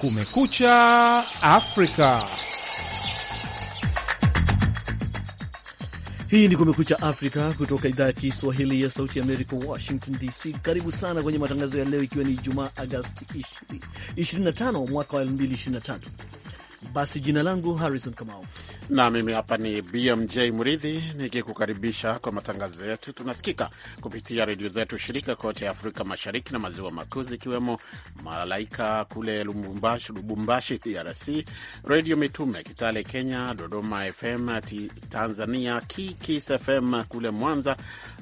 Kumekucha Afrika. Hii ni Kumekucha Afrika kutoka idhaa ya Kiswahili ya Sauti ya Amerika, Washington DC. Karibu sana kwenye matangazo ya leo, ikiwa ni jumaa Agasti 25 mwaka wa 2023. Basi jina langu Harrison Kamau na mimi hapa ni BMJ Mridhi nikikukaribisha kwa matangazo yetu. Tunasikika kupitia redio zetu shirika kote Afrika Mashariki na Maziwa Makuu, zikiwemo Malaika kule Lubumbashi DRC, Redio Mitume Kitale Kenya, Dodoma FM Tanzania, Kikis FM kule Mwanza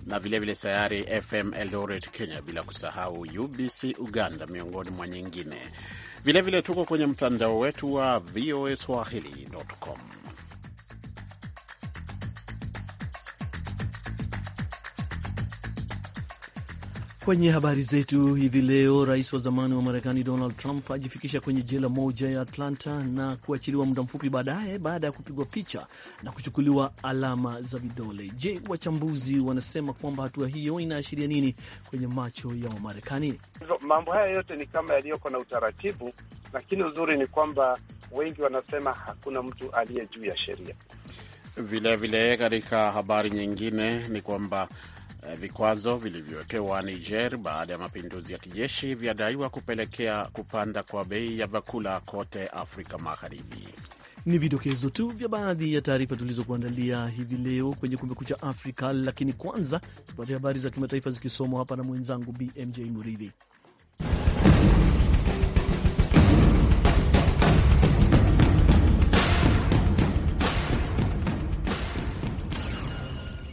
na vilevile vile Sayari FM Eldoret Kenya, bila kusahau UBC Uganda, miongoni mwa nyingine. Vilevile tuko kwenye mtandao wetu wa voa swahili.com. Kwenye habari zetu hivi leo, rais wa zamani wa Marekani Donald Trump ajifikisha kwenye jela moja ya Atlanta na kuachiliwa muda mfupi baadaye baada ya kupigwa picha na kuchukuliwa alama za vidole. Je, wachambuzi wanasema kwamba hatua hiyo inaashiria nini kwenye macho ya Wamarekani? Mambo haya yote ni kama yaliyoko na utaratibu, lakini uzuri ni kwamba wengi wanasema hakuna mtu aliye juu ya sheria. Vilevile, katika habari nyingine ni kwamba Eh, vikwazo vilivyowekewa Niger baada ya mapinduzi ya kijeshi vyadaiwa kupelekea kupanda kwa bei ya vyakula kote Afrika Magharibi. Ni vidokezo tu vya baadhi ya taarifa tulizokuandalia hivi leo kwenye Kumekucha Afrika, lakini kwanza tupate habari za kimataifa zikisomwa hapa na mwenzangu BMJ Muridhi.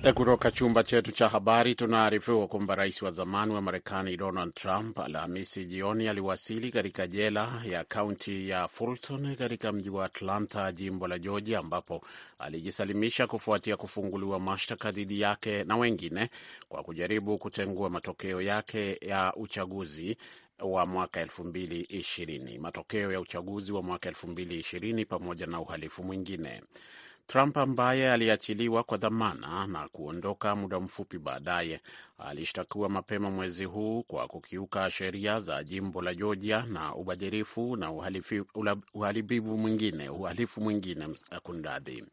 Eh, kutoka chumba chetu cha habari tunaarifiwa kwamba rais wa zamani wa Marekani Donald Trump Alhamisi jioni aliwasili katika jela ya kaunti ya Fulton katika mji wa Atlanta, jimbo la Georgia, ambapo alijisalimisha kufuatia kufunguliwa mashtaka dhidi yake na wengine kwa kujaribu kutengua matokeo yake ya uchaguzi wa mwaka elfu matokeo ya uchaguzi wa mwaka 220 pamoja na uhalifu mwingine. Trump ambaye aliachiliwa kwa dhamana na kuondoka muda mfupi baadaye, alishtakiwa mapema mwezi huu kwa kukiuka sheria za jimbo la Georgia na ubadhirifu na uhalifu mwingine, uhalifu mwingine eh, kundadhi.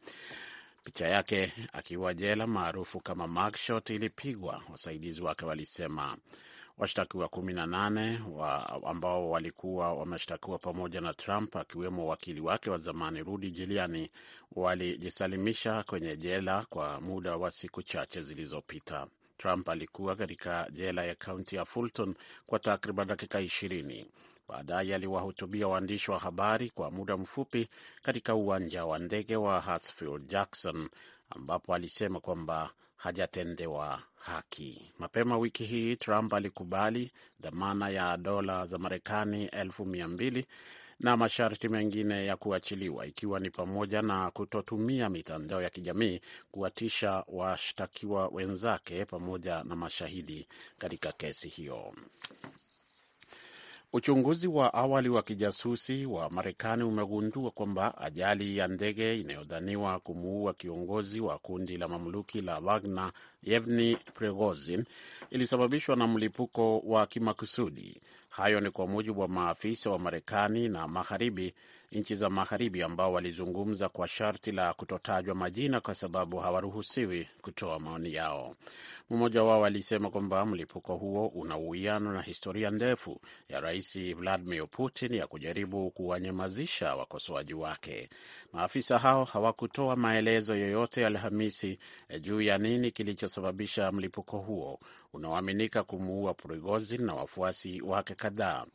Picha yake akiwa jela maarufu kama mugshot ilipigwa, wasaidizi wake walisema. Washtakiwa kumi na nane wa ambao walikuwa wameshtakiwa pamoja na Trump akiwemo wakili wake wa zamani Rudy Giuliani walijisalimisha kwenye jela kwa muda wa siku chache zilizopita. Trump alikuwa katika jela ya kaunti ya Fulton kwa takriban dakika ishirini. Baadaye aliwahutubia waandishi wa habari kwa muda mfupi katika uwanja wa ndege wa Hartsfield Jackson, ambapo alisema kwamba hajatendewa haki. Mapema wiki hii Trump alikubali dhamana ya dola za Marekani elfu mia mbili na masharti mengine ya kuachiliwa ikiwa ni pamoja na kutotumia mitandao ya kijamii kuwatisha washtakiwa wenzake pamoja na mashahidi katika kesi hiyo. Uchunguzi wa awali wa kijasusi wa Marekani umegundua kwamba ajali ya ndege inayodhaniwa kumuua kiongozi wa kundi la mamluki la Wagner Yevgeny Prigozhin ilisababishwa na mlipuko wa kimakusudi Hayo ni kwa mujibu wa maafisa wa Marekani na magharibi, nchi za magharibi ambao walizungumza kwa sharti la kutotajwa majina kwa sababu hawaruhusiwi kutoa maoni yao. Mmoja wao alisema kwamba mlipuko huo una uwiano na historia ndefu ya Rais Vladimir Putin ya kujaribu kuwanyamazisha wakosoaji wake. Maafisa hao hawakutoa maelezo yoyote Alhamisi eh, juu ya nini kilichosababisha mlipuko huo unaoaminika kumuua Prigozin na wafuasi wake kadhaa.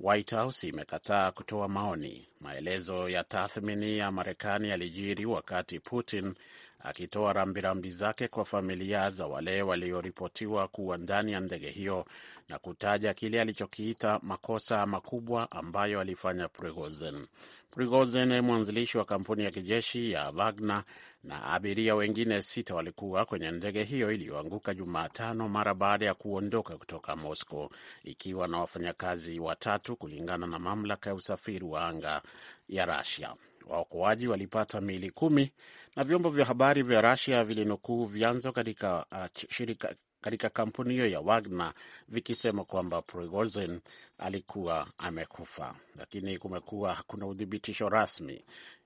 White House imekataa kutoa maoni. Maelezo ya tathmini ya Marekani yalijiri wakati Putin akitoa rambirambi zake kwa familia za wale walioripotiwa kuwa ndani ya ndege hiyo na kutaja kile alichokiita makosa makubwa ambayo alifanya Prigozhin. Prigozhin, mwanzilishi wa kampuni ya kijeshi ya Wagner, na abiria wengine sita walikuwa kwenye ndege hiyo iliyoanguka Jumatano mara baada ya kuondoka kutoka Moscow, ikiwa na wafanyakazi watatu, kulingana na mamlaka ya usafiri wa anga ya Russia. Waokoaji walipata miili kumi na vyombo vya habari vya Rusia vilinukuu vyanzo katika, uh, shirika, katika kampuni hiyo ya Wagner vikisema kwamba Prigozhin alikuwa amekufa, lakini kumekuwa hakuna udhibitisho rasmi.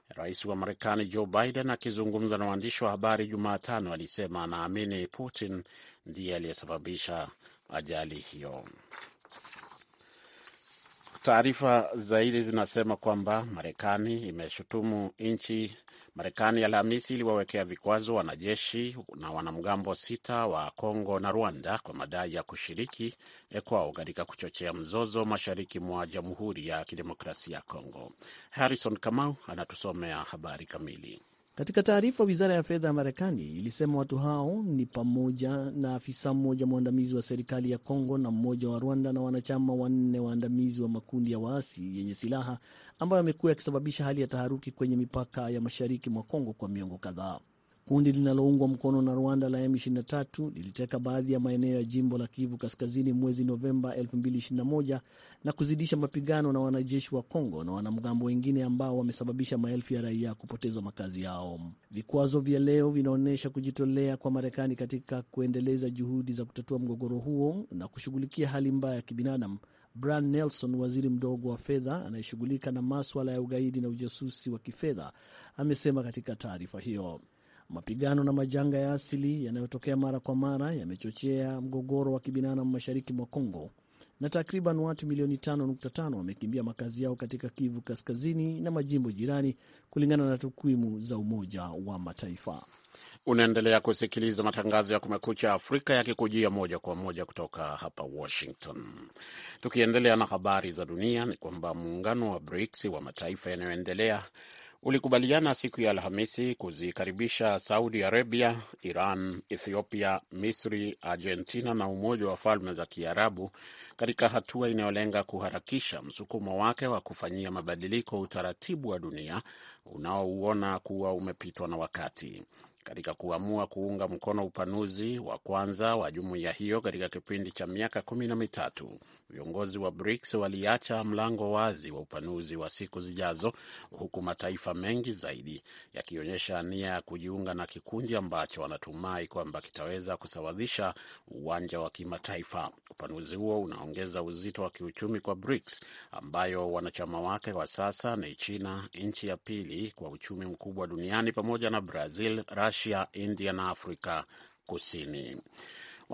Rais wa Marekani Joe Biden akizungumza na waandishi wa habari Jumatano alisema anaamini Putin ndiye aliyesababisha ajali hiyo. Taarifa zaidi zinasema kwamba Marekani imeshutumu nchi Marekani Alhamisi iliwawekea vikwazo wanajeshi na wanamgambo sita wa Kongo na Rwanda kwa madai ya kushiriki eh, kwao katika kuchochea mzozo mashariki mwa Jamhuri ya Kidemokrasia ya Kongo. Harrison Kamau anatusomea habari kamili. Katika taarifa, wizara ya fedha ya Marekani ilisema watu hao ni pamoja na afisa mmoja mwandamizi wa serikali ya Kongo na mmoja wa Rwanda na wanachama wanne waandamizi wa makundi ya waasi yenye silaha ambayo amekuwa yakisababisha hali ya taharuki kwenye mipaka ya mashariki mwa Kongo kwa miongo kadhaa. Kundi linaloungwa mkono na Rwanda la M23 liliteka baadhi ya maeneo ya jimbo la Kivu Kaskazini mwezi Novemba 2021 na kuzidisha mapigano na wanajeshi wa Kongo na wanamgambo wengine ambao wamesababisha maelfu ya raia kupoteza makazi yao. Vikwazo vya leo vinaonyesha kujitolea kwa Marekani katika kuendeleza juhudi za kutatua mgogoro huo na kushughulikia hali mbaya ya kibinadamu. Brian Nelson, waziri mdogo wa fedha anayeshughulika na maswala ya ugaidi na ujasusi wa kifedha, amesema katika taarifa hiyo. Mapigano na majanga ya asili yanayotokea mara kwa mara yamechochea mgogoro wa kibinadamu mashariki mwa Kongo na takriban watu milioni 5.5 wamekimbia makazi yao katika Kivu Kaskazini na majimbo jirani, kulingana na takwimu za Umoja wa Mataifa. Unaendelea kusikiliza matangazo ya Kumekucha Afrika yakikujia moja kwa moja kutoka hapa Washington. Tukiendelea na habari za dunia, ni kwamba muungano wa BRICS wa mataifa yanayoendelea ulikubaliana siku ya Alhamisi kuzikaribisha Saudi Arabia, Iran, Ethiopia, Misri, Argentina na Umoja wa Falme za Kiarabu katika hatua inayolenga kuharakisha msukumo wake wa kufanyia mabadiliko utaratibu wa dunia unaouona kuwa umepitwa na wakati. Katika kuamua kuunga mkono upanuzi wa kwanza wa jumuiya hiyo katika kipindi cha miaka kumi na mitatu, viongozi wa BRICS waliacha mlango wazi wa upanuzi wa siku zijazo, huku mataifa mengi zaidi yakionyesha nia ya kujiunga na kikundi ambacho wanatumai kwamba kitaweza kusawazisha uwanja wa kimataifa. Upanuzi huo unaongeza uzito wa kiuchumi kwa BRICS ambayo wanachama wake kwa sasa ni China, nchi ya pili kwa uchumi mkubwa duniani, pamoja na Brazil, Russia, India na Afrika Kusini.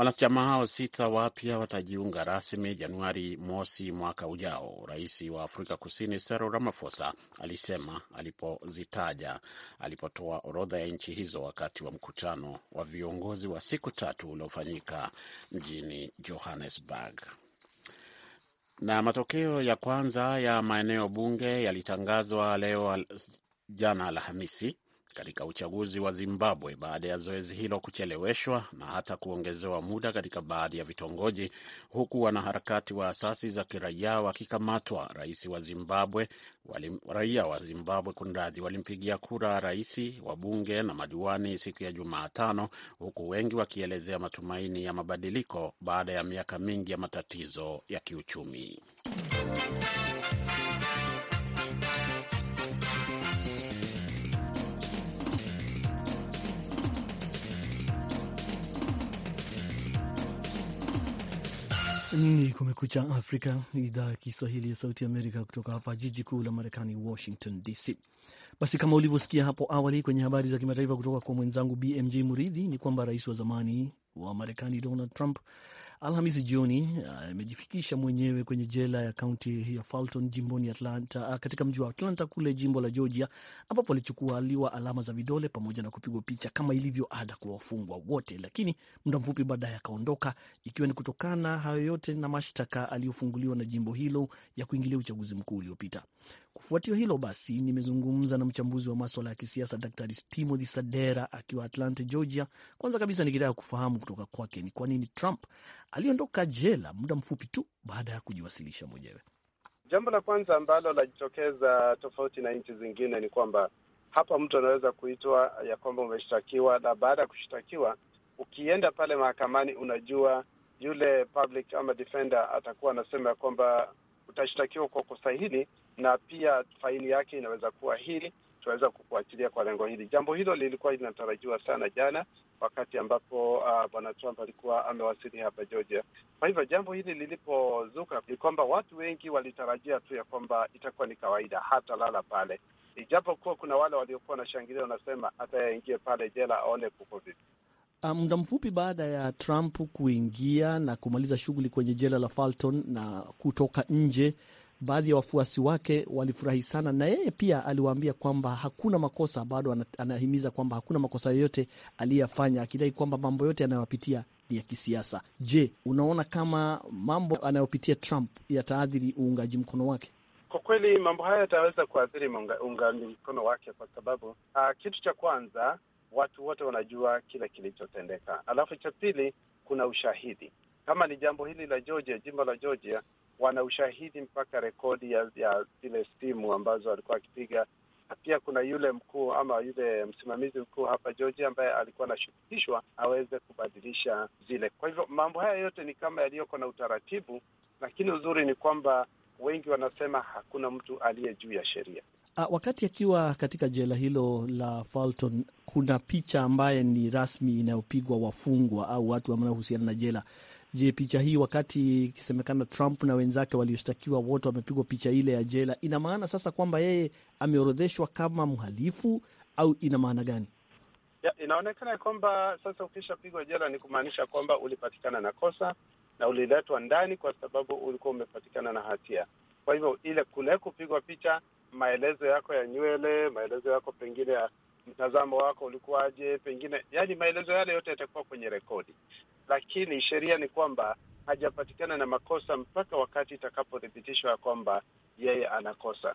Wanachama hao sita wapya watajiunga rasmi Januari mosi mwaka ujao, rais wa Afrika Kusini Cyril Ramaphosa alisema alipozitaja alipotoa orodha ya nchi hizo wakati wa mkutano wa viongozi wa siku tatu uliofanyika mjini Johannesburg. Na matokeo ya kwanza ya maeneo bunge yalitangazwa leo jana Alhamisi katika uchaguzi wa Zimbabwe baada ya zoezi hilo kucheleweshwa na hata kuongezewa muda katika baadhi ya vitongoji, huku wanaharakati wa asasi za kiraia wakikamatwa. Rais wa Zimbabwe walim, raia wa Zimbabwe kunradhi, walimpigia kura rais, wabunge na madiwani siku ya Jumatano, huku wengi wakielezea matumaini ya mabadiliko baada ya miaka mingi ya matatizo ya kiuchumi. ni Kumekucha Afrika, idhaa ya Kiswahili ya Sauti Amerika, kutoka hapa jiji kuu la Marekani, Washington DC. Basi kama ulivyosikia hapo awali kwenye habari za kimataifa kutoka kwa mwenzangu BMJ Muridhi, ni kwamba rais wa zamani wa Marekani Donald Trump Alhamisi jioni amejifikisha uh, mwenyewe kwenye jela ya kaunti ya Fulton jimboni Atlanta, uh, katika mji wa Atlanta kule jimbo la Georgia, ambapo alichukualiwa alama za vidole pamoja na kupigwa picha kama ilivyo ada kwa wafungwa wote, lakini muda mfupi baadaye akaondoka, ikiwa ni kutokana hayo yote na mashtaka aliyofunguliwa na jimbo hilo ya kuingilia uchaguzi mkuu uliopita. Kufuatia hilo basi, nimezungumza na mchambuzi wa maswala ya kisiasa Dr Timothy Sadera akiwa Atlanta, Georgia. Kwanza kabisa nikitaka kufahamu kutoka kwake ni kwa nini Trump aliondoka jela muda mfupi tu baada ya kujiwasilisha mwenyewe. Jambo la kwanza ambalo lajitokeza tofauti na nchi zingine ni kwamba hapa mtu anaweza kuitwa ya kwamba umeshtakiwa, na baada ya kushtakiwa, ukienda pale mahakamani, unajua yule public ama defender atakuwa anasema ya kwamba utashtakiwa kwa kosa hili, na pia faini yake inaweza kuwa hili, tunaweza kukuachilia kwa lengo hili. Jambo hilo lilikuwa linatarajiwa sana jana wakati ambapo uh, bwana Trump alikuwa amewasili hapa Georgia. Kwa hivyo jambo hili lilipozuka, ni kwamba watu wengi walitarajia tu ya kwamba itakuwa ni kawaida, hata lala pale, ijapokuwa kuna wale waliokuwa wanashangilia wanasema hata yaingie pale jela aone kuko vipi. Ah, muda um, mfupi baada ya Trump kuingia na kumaliza shughuli kwenye jela la Fulton na kutoka nje baadhi ya wafuasi wake walifurahi sana, na yeye pia aliwaambia kwamba hakuna makosa, bado anahimiza kwamba hakuna makosa yoyote aliyeyafanya akidai kwamba mambo yote yanayowapitia ni ya kisiasa. Je, unaona kama mambo anayopitia Trump yataathiri uungaji mkono wake? Kwa kweli mambo haya yataweza kuathiri uungaji mkono wake, kwa sababu uh, kitu cha kwanza watu wote wanajua kile kilichotendeka, alafu cha pili kuna ushahidi. Kama ni jambo hili la Georgia, jimbo la Georgia, wana ushahidi mpaka rekodi ya, ya zile simu ambazo alikuwa akipiga. Pia kuna yule mkuu ama yule msimamizi mkuu hapa Georgia ambaye alikuwa anashurutishwa aweze kubadilisha zile. Kwa hivyo mambo haya yote ni kama yaliyoko na utaratibu, lakini uzuri ni kwamba wengi wanasema hakuna mtu aliye juu ya sheria. Ah, wakati akiwa katika jela hilo la Fulton, kuna picha ambaye ni rasmi inayopigwa wafungwa au watu wanaohusiana na jela Je, picha hii wakati ikisemekana Trump na wenzake walioshtakiwa wote wamepigwa picha ile ya jela, ina maana sasa kwamba yeye ameorodheshwa kama mhalifu au ina maana gani? Ya, inaonekana kwamba sasa ukishapigwa jela ni kumaanisha kwamba ulipatikana na kosa na uliletwa ndani kwa sababu ulikuwa umepatikana na hatia. Kwa hivyo ile kule kupigwa picha, maelezo yako ya nywele, maelezo yako pengine ya mtazamo wako ulikuwaje, pengine yani maelezo yale yote yatakuwa kwenye rekodi lakini sheria ni kwamba hajapatikana na makosa mpaka wakati itakapothibitishwa ya kwamba yeye anakosa.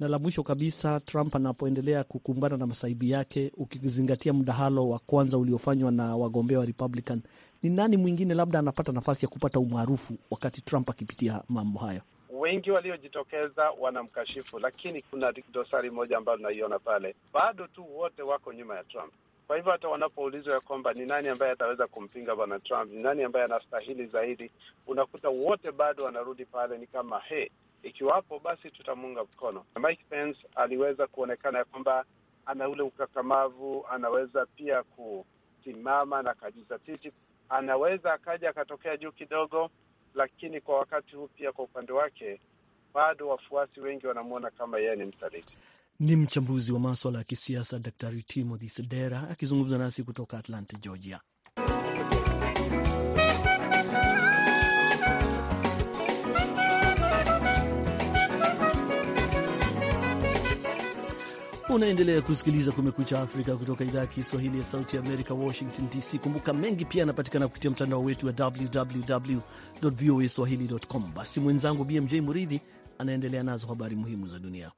Na la mwisho kabisa, Trump anapoendelea kukumbana na masaibu yake, ukizingatia mdahalo wa kwanza uliofanywa na wagombea wa Republican, ni nani mwingine labda anapata nafasi ya kupata umaarufu wakati Trump akipitia mambo hayo? Wengi waliojitokeza wanamkashifu, lakini kuna dosari moja ambayo tunaiona pale, bado tu wote wako nyuma ya Trump. Kwa hivyo hata wanapoulizwa ya kwamba ni nani ambaye ataweza kumpinga bwana Trump, ni nani ambaye anastahili zaidi, unakuta wote bado wanarudi pale, ni kama he, ikiwapo basi tutamuunga mkono. Mike Pence aliweza kuonekana ya kwamba ana ule ukakamavu, anaweza pia kusimama na kajizatiti, anaweza akaja akatokea juu kidogo, lakini kwa wakati huu pia kwa upande wake bado wafuasi wengi wanamwona kama yeye ni msaliti. Ni mchambuzi wa maswala ya kisiasa Daktari Timothy Sedera akizungumza nasi kutoka Atlanta, Georgia. Unaendelea kusikiliza Kumekucha Afrika kutoka idhaa ya Kiswahili ya Sauti ya Amerika, Washington DC. Kumbuka mengi pia yanapatikana kupitia mtandao wetu wa www voa swahili com. Basi mwenzangu BMJ Muridhi anaendelea nazo habari muhimu za dunia.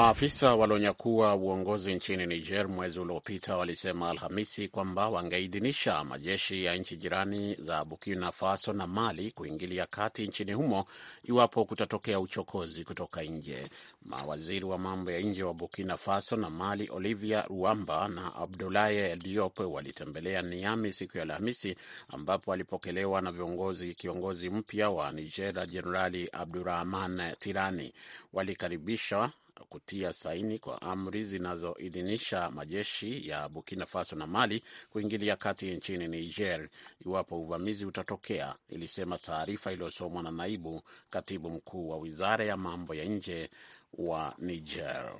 Maafisa walionyakua uongozi nchini Niger mwezi uliopita walisema Alhamisi kwamba wangeidhinisha majeshi ya nchi jirani za Burkina Faso na Mali kuingilia kati nchini humo iwapo kutatokea uchokozi kutoka nje. Mawaziri wa mambo ya nje wa Burkina Faso na Mali, Olivia Ruamba na Abdoulaye Diop, walitembelea Niami siku ya Alhamisi, ambapo walipokelewa na viongozi kiongozi mpya wa Niger, Jenerali Abdurahman Tirani. Walikaribisha kutia saini kwa amri zinazoidhinisha majeshi ya Burkina Faso na Mali kuingilia kati nchini Niger iwapo uvamizi utatokea, ilisema taarifa iliyosomwa na naibu katibu mkuu wa wizara ya mambo ya nje wa Niger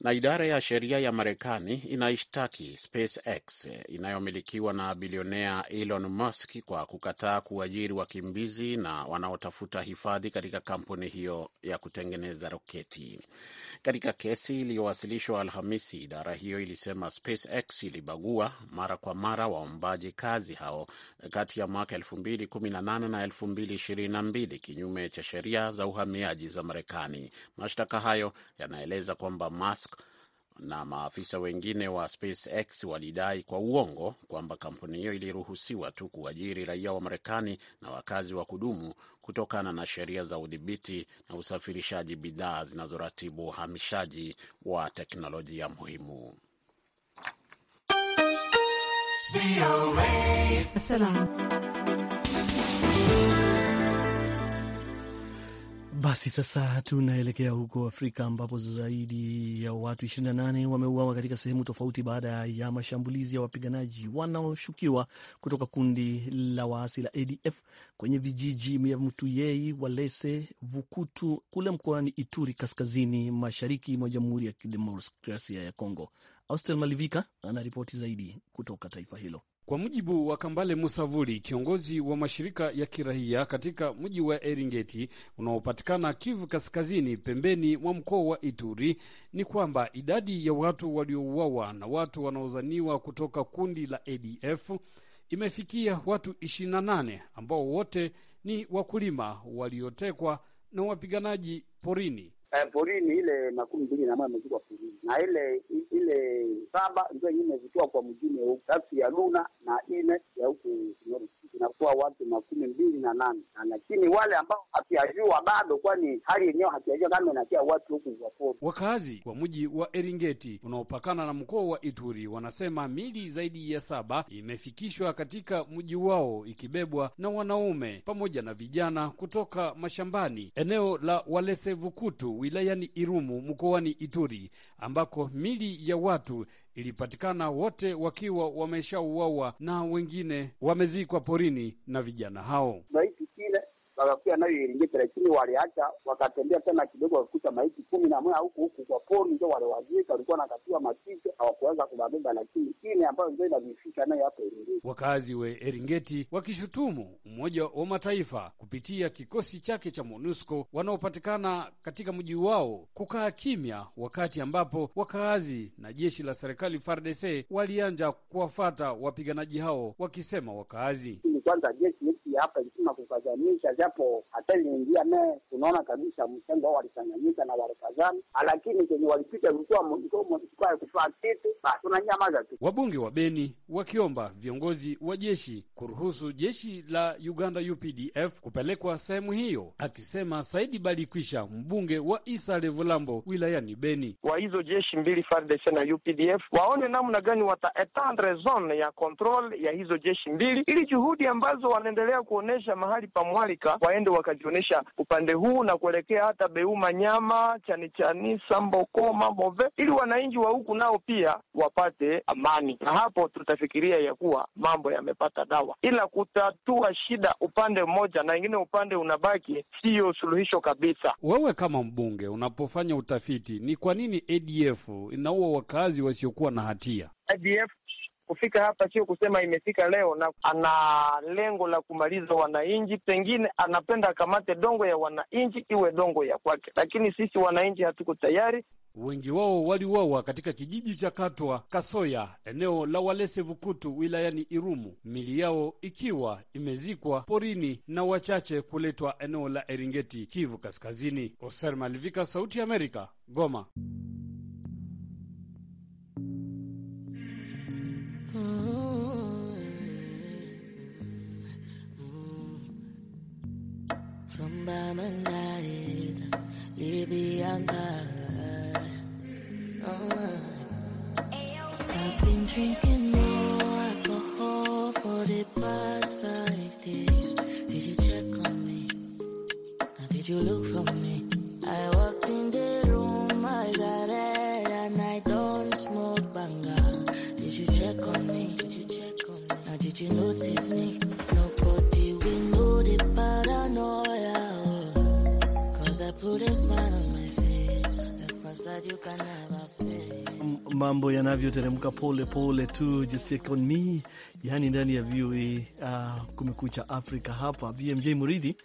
na idara ya sheria ya Marekani inaishtaki SpaceX inayomilikiwa na bilionea Elon Musk kwa kukataa kuajiri wakimbizi na wanaotafuta hifadhi katika kampuni hiyo ya kutengeneza roketi. Katika kesi iliyowasilishwa Alhamisi, idara hiyo ilisema SpaceX ilibagua mara kwa mara waombaji kazi hao kati ya mwaka 2018 na 2022 kinyume cha sheria za uhamiaji za Marekani. Mashtaka hayo yanaeleza kwamba Musk na maafisa wengine wa SpaceX walidai kwa uongo kwamba kampuni hiyo iliruhusiwa tu kuajiri raia wa Marekani na wakazi wa kudumu kutokana na sheria za udhibiti na usafirishaji bidhaa zinazoratibu uhamishaji wa teknolojia muhimu. Salam. Basi sasa tunaelekea huko Afrika ambapo zaidi ya watu 28 wameuawa katika sehemu tofauti baada ya mashambulizi ya wapiganaji wanaoshukiwa kutoka kundi la waasi la ADF kwenye vijiji vya Mutuyei, Walese, Vukutu kule mkoani Ituri, kaskazini mashariki mwa Jamhuri ya Kidemokrasia ya Kongo. Austel Malivika anaripoti zaidi kutoka taifa hilo. Kwa mujibu wa Kambale Musavuli, kiongozi wa mashirika ya kiraia katika mji wa Eringeti unaopatikana Kivu Kaskazini, pembeni mwa mkoa wa Ituri, ni kwamba idadi ya watu waliouawa na watu wanaozaniwa kutoka kundi la ADF imefikia watu 28 ambao wote ni wakulima waliotekwa na wapiganaji porini eh, porini ile makumi mbili na moja imezikwa porini na ile ile saba ndio yenyewe imezikwa kwa mjini huku kasi ya Luna na ine ya huku Kinoro inakuwa watu na kumi mbili na nane, lakini wale ambao hatujajua bado, kwani hali yenyewe hatujajua kama inatia watu huku hukuapo. Wakazi wa mji wa Eringeti unaopakana na mkoa wa Ituri wanasema mili zaidi ya saba imefikishwa katika mji wao ikibebwa na wanaume pamoja na vijana kutoka mashambani eneo la Walesevukutu wilayani Irumu mkoani Ituri ambako mili ya watu ilipatikana wote wakiwa wameshauawa na wengine wamezikwa porini na vijana hao wakakuya nayo Iringiti, lakini waliacha wakatembea tena kidogo, wakakuta maiti kumi na moja huku huku kwa poni ndio waliwazika. Walikuwa nakatiwa masike, hawakuweza kubabeba, lakini ile ambayo ndio inavifika nayo hapo Iringeti. Wakazi wa Eringeti wakishutumu Umoja wa Mataifa kupitia kikosi chake cha MONUSCO wanaopatikana katika mji wao kukaa kimya, wakati ambapo wakaazi na jeshi la serikali FARDC walianja kuwafata wapiganaji hao, wakisema wakaazi kwanza jeshi hapa nzima kukazanisha, japo hata iliingia me, tunaona kabisa msengo walikanganyika na walikazana, ah, lakini kenye walipita ilikuwa kufaa kitu basi, ah, tunanyamaza tu. Wabunge wa Beni wakiomba viongozi wa jeshi kuruhusu jeshi la Uganda UPDF kupelekwa sehemu hiyo, akisema Saidi Balikwisha, mbunge wa Isale Vulambo wilayani Beni, kwa hizo jeshi mbili FARDC na UPDF waone namna gani wataetendre zone ya control ya hizo jeshi mbili, ili juhudi ambazo wanaendelea kuonesha mahali pa mwalika waende wakajionyesha upande huu na kuelekea hata Beuma, Nyama, Chani Chani, Sambokoma, Move, ili wananchi wa huku nao pia wapate amani, na hapo tutafikiria ya kuwa mambo yamepata dawa. Ila kutatua shida upande mmoja na ingine upande unabaki, siyo suluhisho kabisa. Wewe kama mbunge unapofanya utafiti, ni kwa nini ADF inaua wakazi wasiokuwa na hatia? ADF kufika hapa sio kusema imefika leo, na ana lengo la kumaliza wananchi. Pengine anapenda akamate dongo ya wananchi iwe dongo ya kwake, lakini sisi wananchi hatuko tayari. Wengi wao waliuawa katika kijiji cha Katwa Kasoya, eneo la Walese Vukutu, wilayani Irumu, mili yao ikiwa imezikwa porini na wachache kuletwa eneo la Eringeti, Kivu Kaskazini. Oser Malivika, Sauti ya Amerika, Goma. Bamandait, Libyanka. I've been drinking more alcohol for the past five days. Did you check on me? Now did you look for me? mambo yanavyoteremka pole pole tu, just check on me, yani ndani ya VOA uh, kumekucha Afrika hapa BMJ Muridhi.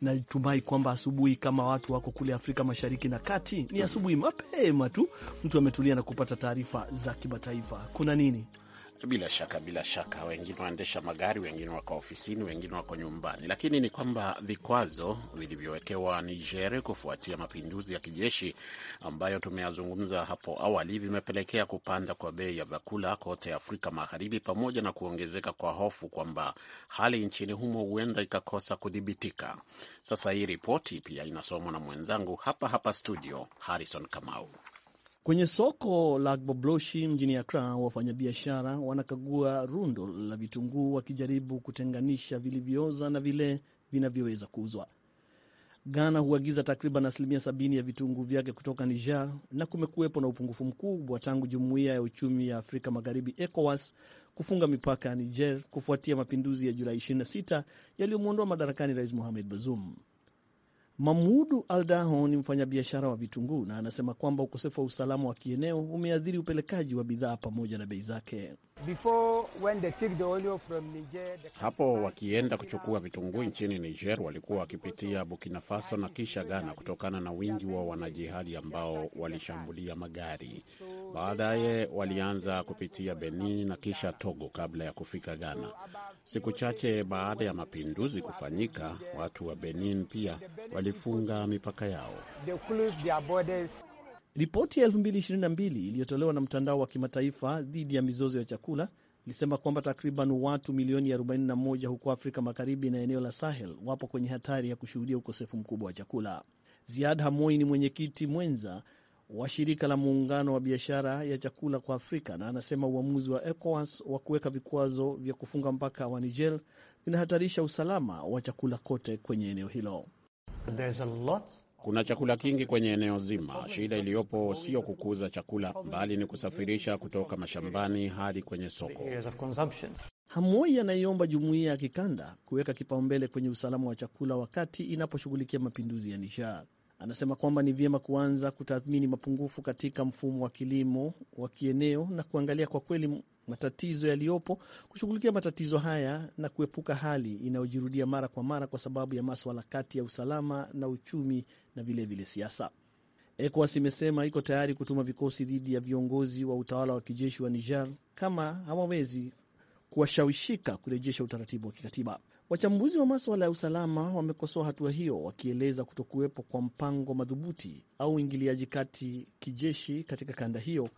Natumai kwamba asubuhi kama watu wako kule Afrika Mashariki na Kati ni asubuhi mapema tu, mtu ametulia na kupata taarifa za kimataifa. Kuna nini? Bila shaka, bila shaka, wengine waendesha magari, wengine wako ofisini, wengine wako nyumbani, lakini ni kwamba vikwazo vilivyowekewa Niger kufuatia mapinduzi ya kijeshi ambayo tumeyazungumza hapo awali vimepelekea kupanda kwa bei ya vyakula kote Afrika Magharibi, pamoja na kuongezeka kwa hofu kwamba hali nchini humo huenda ikakosa kudhibitika. Sasa hii ripoti pia inasomwa na mwenzangu hapa hapa studio, Harrison Kamau. Kwenye soko la Gbobloshi mjini Akra, wafanyabiashara wanakagua rundo la vitunguu wakijaribu kutenganisha vilivyooza na vile vinavyoweza kuuzwa. Ghana huagiza takriban asilimia sabini ya vitunguu vyake kutoka Niger na kumekuwepo na upungufu mkubwa tangu jumuiya ya uchumi ya Afrika Magharibi ECOWAS kufunga mipaka ya Niger kufuatia mapinduzi ya Julai 26 yaliyomwondoa madarakani Rais Mohamed Bazoum. Mamudu Aldaho ni mfanyabiashara wa vitunguu na anasema kwamba ukosefu wa usalama wa kieneo umeathiri upelekaji wa bidhaa pamoja na bei zake. Hapo wakienda kuchukua vitunguu nchini Niger walikuwa wakipitia Burkina Faso na kisha Ghana kutokana na wingi wa wanajihadi ambao walishambulia magari. Baadaye walianza kupitia Benin na kisha Togo kabla ya kufika Ghana. Siku chache baada ya mapinduzi kufanyika, watu wa Benin pia walifunga mipaka yao. Ripoti ya 2022 iliyotolewa na mtandao wa kimataifa dhidi ya mizozo ya chakula ilisema kwamba takriban watu milioni 41 huko Afrika Magharibi na eneo la Sahel wapo kwenye hatari ya kushuhudia ukosefu mkubwa wa chakula. Ziad Hamoi ni mwenyekiti mwenza wa shirika la muungano wa biashara ya chakula kwa Afrika, na anasema uamuzi wa ECOWAS wa kuweka vikwazo vya kufunga mpaka wa Niger vinahatarisha usalama wa chakula kote kwenye eneo hilo. Kuna chakula kingi kwenye eneo zima. Shida iliyopo sio kukuza chakula, bali ni kusafirisha kutoka mashambani hadi kwenye soko. Hamoi anaiomba jumuiya ya kikanda kuweka kipaumbele kwenye usalama wa chakula wakati inaposhughulikia mapinduzi ya Nishar. Anasema kwamba ni vyema kuanza kutathmini mapungufu katika mfumo wa kilimo wa kieneo na kuangalia kwa kweli matatizo yaliyopo, kushughulikia matatizo haya na kuepuka hali inayojirudia mara kwa mara kwa sababu ya maswala kati ya usalama na uchumi na vilevile siasa. ECOWAS imesema iko tayari kutuma vikosi dhidi ya viongozi wa utawala wa kijeshi wa Niger kama hawawezi kuwashawishika kurejesha utaratibu wa kikatiba. Wachambuzi wa maswala ya usalama wamekosoa hatua hiyo, wakieleza kutokuwepo kwa mpango madhubuti au uingiliaji kati kijeshi katika kanda hiyo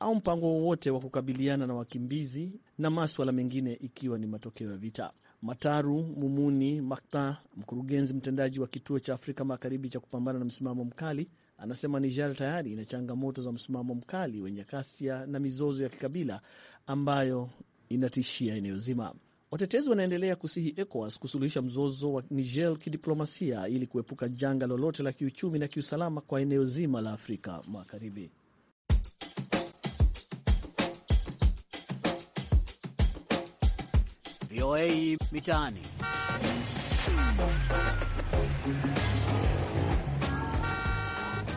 au mpango wowote wa kukabiliana na wakimbizi na maswala mengine ikiwa ni matokeo ya vita. Mataru Mumuni Makta, mkurugenzi mtendaji wa kituo cha Afrika Magharibi cha kupambana na msimamo mkali, anasema Niger tayari ina changamoto za msimamo mkali wenye kasia na mizozo ya kikabila ambayo inatishia eneo zima. Watetezi wanaendelea kusihi ECOWAS kusuluhisha mzozo wa Niger kidiplomasia ili kuepuka janga lolote la kiuchumi na kiusalama kwa eneo zima la Afrika Magharibi. VOA Mitaani.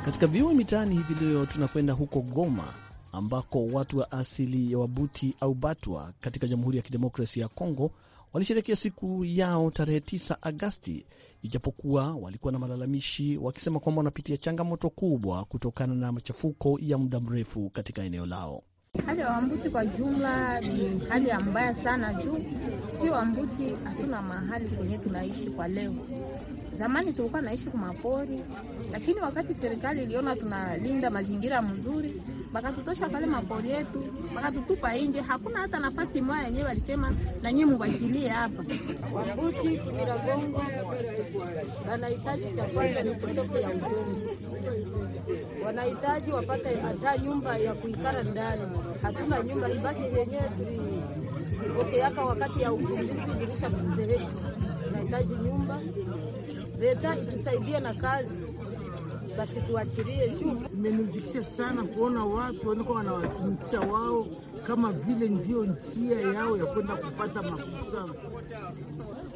Katika VOA Mitaani hivi leo tunakwenda huko Goma ambako watu wa asili ya Wabuti au Batwa katika Jamhuri ya Kidemokrasia ya Kongo walisherekea siku yao tarehe 9 Agasti, ijapokuwa walikuwa na malalamishi wakisema kwamba wanapitia changamoto kubwa kutokana na machafuko ya muda mrefu katika eneo lao. Hali ya Wambuti kwa jumla ni hali ya mbaya sana, juu si Wambuti hatuna mahali kwenye tunaishi kwa leo. Zamani tulikuwa naishi kumapori, lakini wakati serikali iliona tunalinda mazingira mzuri, bakatutosha pale mapori yetu, bakatutupa nje. Hakuna hata nafasi moja yenyewe walisema na nyinyi mubakilie hapa. Wabuti Kibiragongo wanahitaji cha kwanza ni ukosefu ya udongo, wanahitaji wapate hata nyumba ya kuikara ndani. Hatuna nyumba ibashi yenyewe tulipokeaka wakati ya ukimbizi, dirisha kusereki, nahitaji nyumba leta itusaidie na kazi basi tuachilie juu. Imenivutia sana kuona watu wanakuwa wanawatumikisha wao kama vile ndio njia yao ya kwenda kupata makusansi.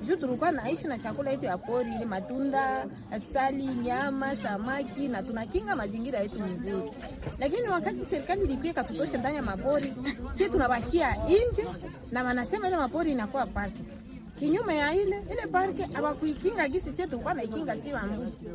Juu tulikuwa naishi na chakula yetu ya pori, ile matunda, asali, nyama, samaki na tunakinga mazingira yetu mzuri, lakini wakati serikali ilikuwa ikatutosha ndani ya mapori, si tunabakia nje na wanasema ile mapori inakuwa pake Kinyume ya ile ile parke abakuikinga gisi sie tulikuwa na ikinga si bambuti.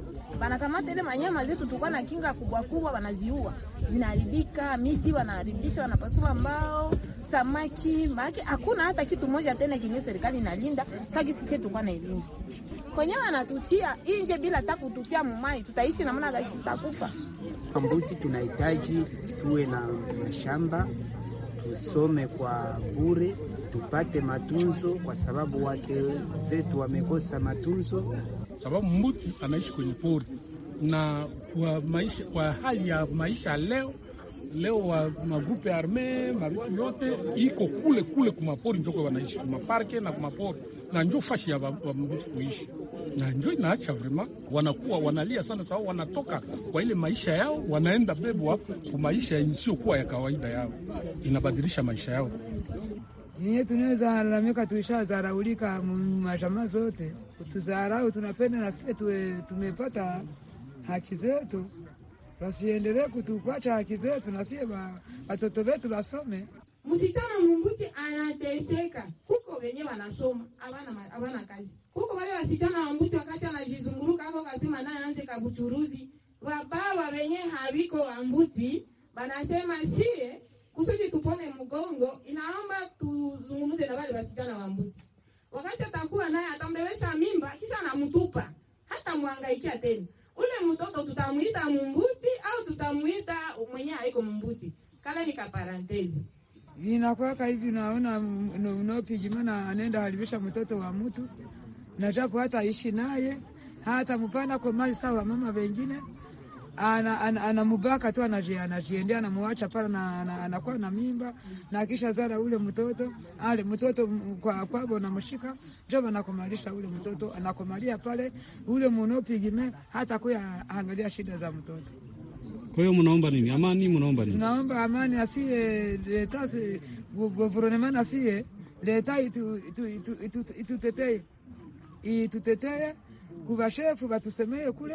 Banakamata ile manyama zetu tulikuwa na kinga kubwa kubwa wanaziua. Zinaharibika, miti wanaharibisha, wanapasua mbao, samaki, maki hakuna hata kitu moja tena kinye serikali inalinda. saki sisi sie tulikuwa na elimu. Kwenye wanatutia inje bila hata kututia mumai, tutaishi namna gani? Tutakufa. Bambuti tunahitaji tuwe na mashamba tusome kwa bure, tupate matunzo, kwa sababu wake zetu wamekosa matunzo, sababu mtu anaishi kwenye pori na kwa, maisha, kwa hali ya maisha leo leo wa magrupe arme mavitu yote iko kule kule kumapori, njoko wanaishi kumaparke na kumapori na njo fashi ya wambuti kuishi na njo inaacha vrema, wanakuwa wanalia sana, sababu wanatoka kwa ile maisha yao, wanaenda bebwa kwa maisha isiyokuwa ya kawaida yao, inabadilisha maisha yao. Niye tunaweza lalamika, tulishazaraulika mashamba zote kutuzarau, tunapenda na sisi tumepata haki zetu, wasiendelee kutupata haki zetu, na sisi watoto wetu wasome. Msichana Munguti anateseka huko, wenye wanasoma hawana kazi wale wasichana wa mbuti wakati anajizunguruka hapo kasema naye anze kabuchuruzi. Wabawa wenye habiko wa mbuti banasema sie kusudi tupone mgongo, inaomba tuzungumze na wale wasichana wa mbuti. Wakati atakuwa naye atambebesha mimba kisha anamtupa, hata muhangaikia tena. Ule mtoto tutamuita mumbuti au tutamuita mwenye haiko mumbuti. Kale ni kaparantezi. Ninakwaka hivi naona unopigimana anaenda haribisha mtoto wa mtu nataka hata aishi naye, hata mpana kwa mali sawa. Mama wengine anamubaka ana, ana tu anajiendea anamuacha pale na, na, anakuwa na mimba na kisha zara ule mtoto ale mtoto kwa kwabo namshika ndio anakomalisha ule mtoto anakomalia pale ule monopigime hata kuya angalia shida za mtoto. Kwa hiyo mnaomba nini? Amani mnaomba nini? Naomba amani asiye leta government asiye leta itu itu itu, itu, itu, itu, itu, itu, itu, itu, itu, ituteteye kuvashefu batusemeye kule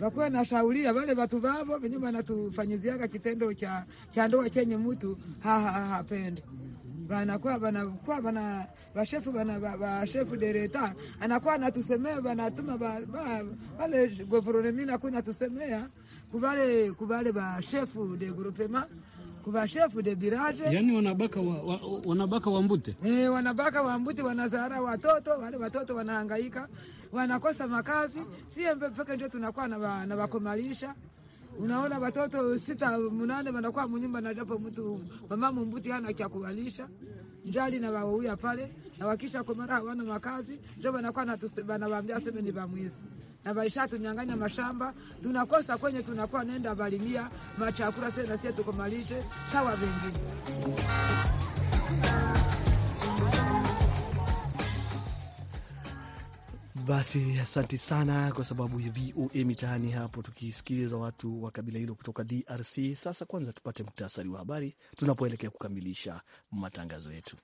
vakuwe na shauria vale vatu vavo venye vanatufanyiziaga kitendo cha, cha ndoa chenye mutu hahahapendi vanakuwa vanakuwa vana vashefu vana vashefu dereta anakuwa anatusemea vanatuma vale govronemi nakuwa natusemea kuvale kuvale vashefu de groupement kubashefu de birage, yani wanabaka wa, wa, wanabaka mbute eh, wanabaka mbute wanazara watoto wale, watoto wanahangaika, wanakosa makazi. Sie mpaka ndio tunakuwa na na wakomalisha Unaona, watoto sita munane wanakuwa munyumba, na japo mtu mama mbute hana cha kuwalisha, njali na wawauya pale, na wakisha komara hawana makazi, ndio wanakuwa na sema semeni ba mwizi na baisha tunyang'anya mashamba, tunakosa kwenye tunakuwa nenda balimia machakula sasa, na sisi tukomalishe sawa wengine. Basi asante sana kwa sababu ya VOA Mitaani hapo tukisikiliza watu wa kabila hilo kutoka DRC. Sasa kwanza tupate muktasari wa habari tunapoelekea kukamilisha matangazo yetu.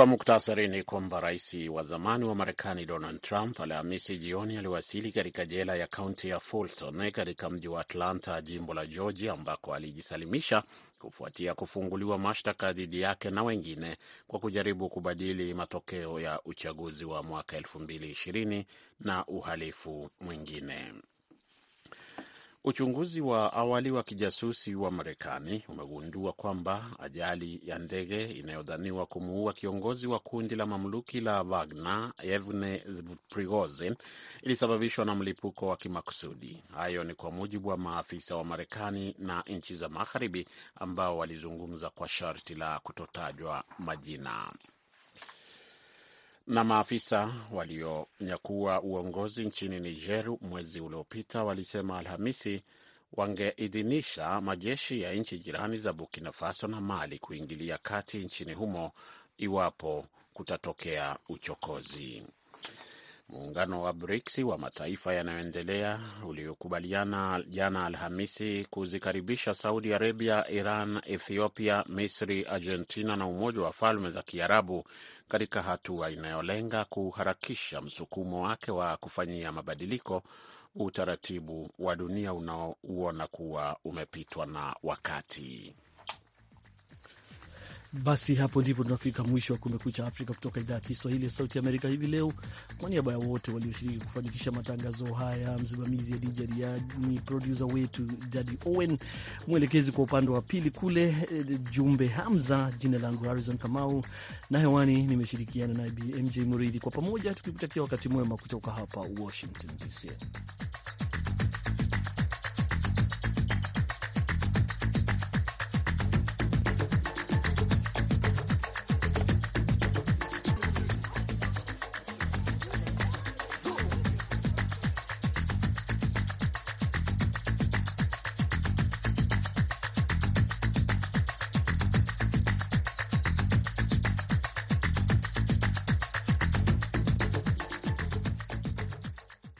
Kwa muktasari ni kwamba rais wa zamani wa Marekani Donald Trump Alhamisi jioni aliwasili katika jela ya kaunti ya Fulton katika mji wa Atlanta, jimbo la Georgia, ambako alijisalimisha kufuatia kufunguliwa mashtaka dhidi yake na wengine kwa kujaribu kubadili matokeo ya uchaguzi wa mwaka 2020 na uhalifu mwingine. Uchunguzi wa awali wa kijasusi wa Marekani umegundua kwamba ajali ya ndege inayodhaniwa kumuua kiongozi wa kundi la mamluki la Wagner evne Prigozin ilisababishwa na mlipuko wa kimakusudi. Hayo ni kwa mujibu wa maafisa wa Marekani na nchi za Magharibi ambao walizungumza kwa sharti la kutotajwa majina. Na maafisa walionyakua uongozi nchini Niger mwezi uliopita walisema Alhamisi wangeidhinisha majeshi ya nchi jirani za Burkina Faso na Mali kuingilia kati nchini humo iwapo kutatokea uchokozi. Muungano wa BRICS wa mataifa yanayoendelea uliokubaliana jana Alhamisi kuzikaribisha Saudi Arabia, Iran, Ethiopia, Misri, Argentina na Umoja wa Falme za Kiarabu katika hatua inayolenga kuharakisha msukumo wake wa kufanyia mabadiliko utaratibu wa dunia unaouona kuwa umepitwa na wakati. Basi hapo ndipo tunafika mwisho wa Kumekucha Afrika kutoka idhaa ya Kiswahili ya Sauti Amerika hivi leo. Kwa niaba ya wote walioshiriki kufanikisha matangazo haya, msimamizi Adija Riani, produsa wetu dadi Owen, mwelekezi kwa upande wa pili kule eh, Jumbe Hamza, jina langu Harizon Kamau na hewani nimeshirikiana naye BMJ Muridhi, kwa pamoja tukikutakia wakati mwema kutoka hapa Washington DC.